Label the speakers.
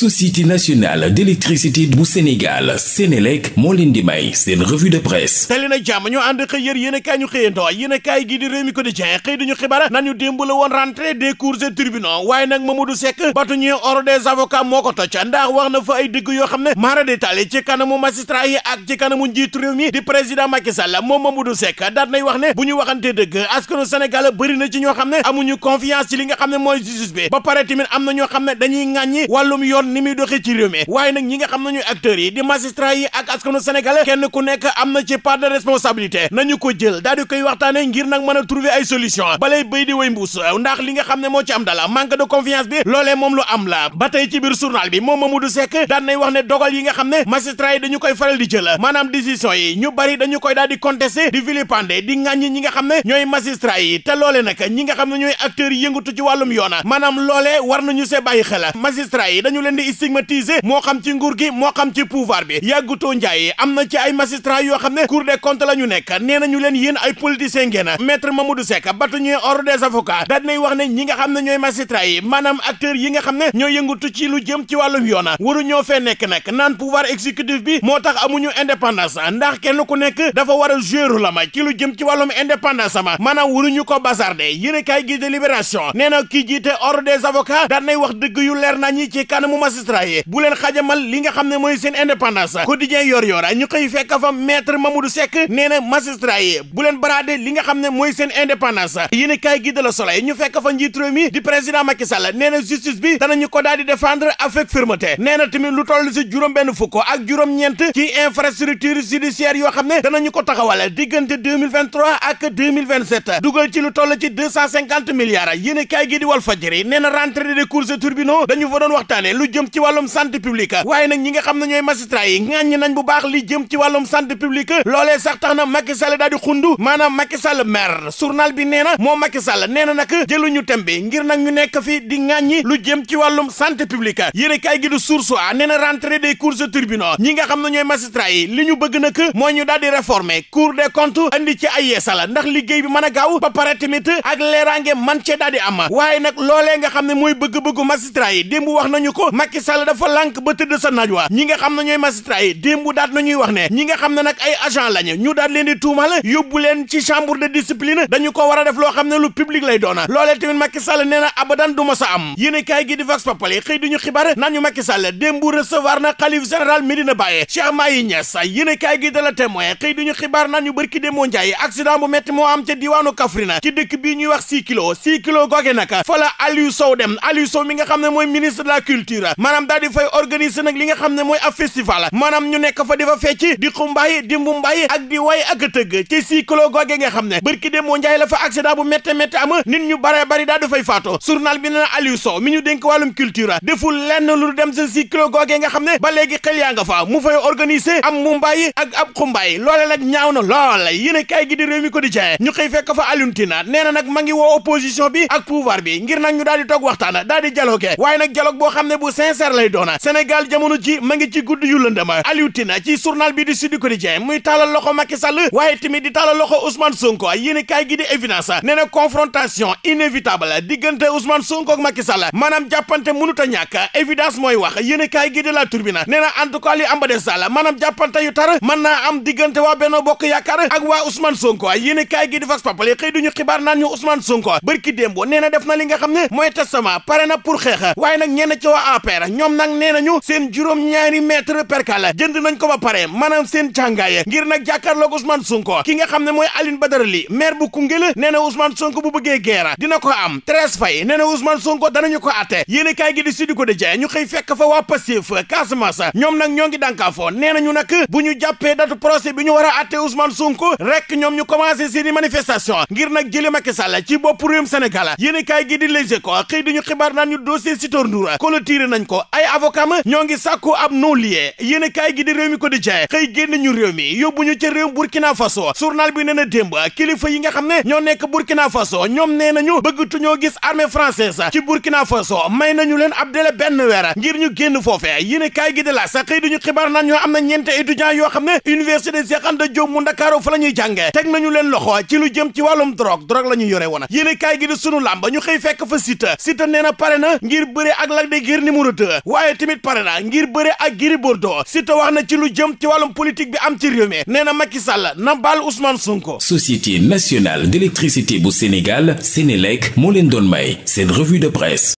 Speaker 1: société nationale d'électricité bu Sénégal Sénélec moo leen di may seen revue de presse teli jàmm ñoo ànd xëy yër yéen a kaay ñu xëyandoo yéen a kaay gi di réew mi ko di jeex xëy diñu xibaar nañu démb la woon rentrée des cours et tribunaux waaye nag Mamadou Seck batuñuy or des avocats moo ko toj ndax wax na fa ay dëgg yoo xam ne mara détaillé ci kanamu magistrat ak ci kanamu njiitu réew mi di président Macky Sall moom Mamadou Seck daat nay na ni muy doxee ci réew waaye nag ñi nga xam nañuy acteurs yi di magistrat yi ak askanu sénégalais kenn ku nekk am na ci part de responsabilité nañu ko jël daal di koy waxtaane ngir nag mën a trouver ay solution balay béy di way mbuus ndax li nga xam ne moo ci am dala manque de confiance bi loolee moom lu am la ba tey ci bi moom Mamadou Seck daan nay wax ne dogal yi nga xam ne magistrat yi dañu koy faral di jël maanaam décision yi ñu bari dañu koy daal di contester di vilipender di ŋàññi ñi nga xam ne ñooy magistrat yi loole nag ñi nga xam ne ñooy acteurs yi yëngatu ci wàllum yoona maanaam loole war nañu see bàyyi xel magistrat yi dañu leen di stigmatiser moo xam ci nguur gi moo xam ci pouvoir bi yàggutoo njaay am na ci ay magistrats yoo xam ne cour des comptes la ñu nekk nee nañu leen yéen ay politiciens ngeen maître Mamadou Seck bâtonnier ordre des avocats daal nay wax ne ñi nga xam ne ñooy magistrats yi maanaam acteurs yi nga xam ne ñoo yëngatu ci jëm ci wàllum yoon waru ñoo fee nekk nag naan pouvoir bi moo tax amuñu indépendance ndax kenn ku nekk dafa a ma ci lu jëm ci wàllum indépendance ma ko bazarde yéen a kaay gi de libération nee magistrat yi bu leen xajamal li nga xam ne mooy seen indépendance quotidien yor yoora ñu xëy fekk fa maître Mamadou Seck nee na magistrat yi bu baraade li nga xam ne mooy seen indépendance yéen kaay gi la Soleil ñu fekk fa njiit mi di président Macky Sall nee na justice bi danañu ko daal di défendre avec fermeté nee lu toll si juróom benn fukk ak juróom-ñeent ci infrastructure judiciaire yoo xam ne danañu ko taxawal diggante di Walf Fadjri nee na rentrée jëm ci wàllum santé publique waaye nag ñi nga xam na ñooy magistrat yi ŋàññi nañ bu baax li jëm ci wàllum santé publique loolee sax tax na Macky Sall daal di xundu maanaam Macky Sall maire journal bi nee na moo Macky Sall nee na nag jëluñu tem bi ngir na ñu nekk fi di ŋàññi lu jëm ci wàllum santé publique yéen kay gi du source a nee na rentrée des cours de ñi nga xam na ñooy magistrat yi li ñu bëgg nag mooy ñu daal di réformer cour des comptes andi ci ay yeesal ndax liggéey bi mën a gaaw ba pare tamit ak leeraange man cee daal di am waaye nag loolee nga xam ne mooy bëgg-bëggu magistrat yi démb wax nañu ko Macky Sall dafa lànk ba tëdd sa naaj waa ñi nga xam ne ñooy magistrat yi démb daat na ñuy wax ne ñi nga xam ne ay agent lañu ñu daat leen di tuumal yóbbu leen ci chambre de discipline dañu ko war a def xam ne lu public lay doona loolee tamit Macky Sall nee abadan du ma am yéen kaay gi di Vox Populi xëy duñu xibaar naan ñu Macky Sall démb recevoir na xalif bu metti moo am ca diwaanu Kaffrine ci dëkk bii ñuy wax six kilo six kilo googe nag fa la maanaam daal di fay organiser nag li nga xam ne mooy ab festival maanaam ñu nekk fa di fecc di xumbaay di mbumbaay ak di way ak tëgg ci cyclo googe nga xam ne bërki de moo njaay la fa accident bu métte métte am nit ñu bare bari daal di fay faatoo journal bi nee na xam ne ba léegi xel yaa nga fa mu fay organiser am mbumbaay ak ab xumbaay loole nag ñaaw na lool yéen kay gi di réew mi ko di jaay ñu xëy fekk fa Alioune Tine nee na nag ma ngi woo opposition bi ak pouvoir bi ngir nag ñu daal di toog waxtaan daal di dialogue waaye nag dialogue boo xam ne bu sincère lay doona Sénégal jamono ji ma ngi ci gudd yu lëndama Aliou Tine ci journal bi di Sud Quotidien muy taalal loxo Macky Sall waaye tamit di taalal loxo Ousmane Sonko yéen kaay gi di évidence nee na confrontation inévitable diggante Ousmane Sonko ak Macky Sall maanaam jàppante mënut a ñàkk évidence mooy wax yéen kaay gi di La Tribune nee na en tout cas li am ba des daal maanaam jàppante yu tar mën naa am diggante waa Benno Bokk Yaakaar ak waa Ousmane Sonko yéen kaay gi di Vox Populi xëy duñu xibaar naan ñu Ousmane Sonko bërki démb nee na def na li nga xam ne mooy testament pare na pour xeex experts ñoom nag nee nañu seen juróom-ñaari mètre percale jënd nañ ko ba pare seen càngaay ngir nag jàkkaarloog Ousmane Sonko ki nga xam ne mooy Alioune Badara Ly bu Koungheul nee na Ousmane Sonko bu bëggee guerre dina ko am Thérèse Faye nee na Ousmane Sonko danañu ko atte yéene kaay gi di ko di jaay ñu xëy fekk fa waa Pastef Casamance ñoom nag ñoo ngi dànkaafoo nee nañu nag bu ñu jàppee datu procès bi ñu war a atte Ousmane rek ñoom nañ ko ay avocat ma ñoo ngi sàkku ab non-lieu yéen a gi di réew mi ko di jaay xëy génn ñu réew mi yóbbu ñu ca réew Burkina Faso journal bi nee na démb kilifa yi nga xam ne ñoo nekk Burkina Faso ñoom nee nañu bëggatuñoo gis armée française ci Burkina Faso may nañu leen ab délai benn weer ngir ñu génn foofe yéen a kaay gi di la sax xëy duñu xibaar naan ñoo am na ñeente étudiants yoo xam ne université Cheikh Anta Diop mu Ndakaaru fa la ñuy la ñu yore a kaay gi di sunu ñu xëy fekk fa site site nee na pare waaye tamit pare na ngir bëre ak Gris Bordeaux Siteu wax na ci lu jëm ci wàllum politique bi am ci réew mi nee na Macky Sall na baal Ousmane Sonko. Société nationale d'électricité bu Sénégal Sénélec moo leen doon may seen revue de presse.